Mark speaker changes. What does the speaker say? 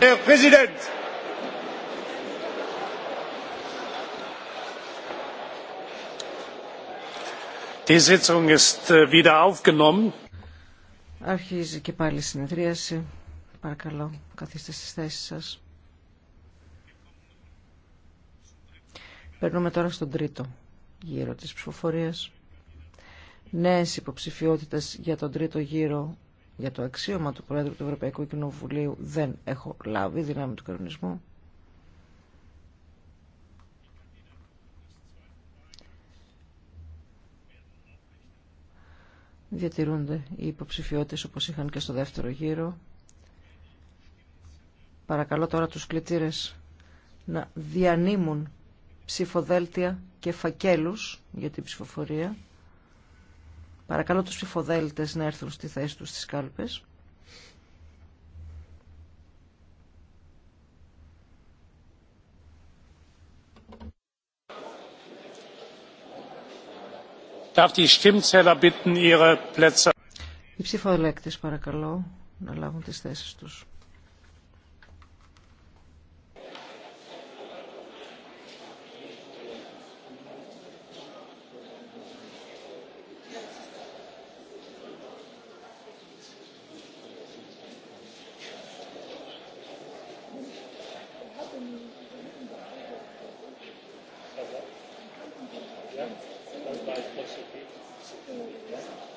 Speaker 1: Herr Präsident!
Speaker 2: Die Sitzung ist äh, wieder aufgenommen.
Speaker 3: Αρχίζει και πάλι η συνεδρίαση. Παρακαλώ, καθίστε στις θέσεις σας. Περνούμε τώρα στον τρίτο γύρο της ψηφοφορίας. Νέες υποψηφιότητες για τον τρίτο γύρο για το αξίωμα του Πρόεδρου του Ευρωπαϊκού Κοινοβουλίου δεν έχω λάβει δυνάμει του κανονισμού. Διατηρούνται οι υποψηφιότητες όπως είχαν και στο δεύτερο γύρο. Παρακαλώ τώρα τους κλητήρες να διανύμουν ψηφοδέλτια και φακέλους για την ψηφοφορία. Παρακαλώ τους ψηφοδέλτες να έρθουν στη θέση τους στις κάλπες. Οι ψηφοδέλτες παρακαλώ να λάβουν τις θέσεις τους.
Speaker 2: That's why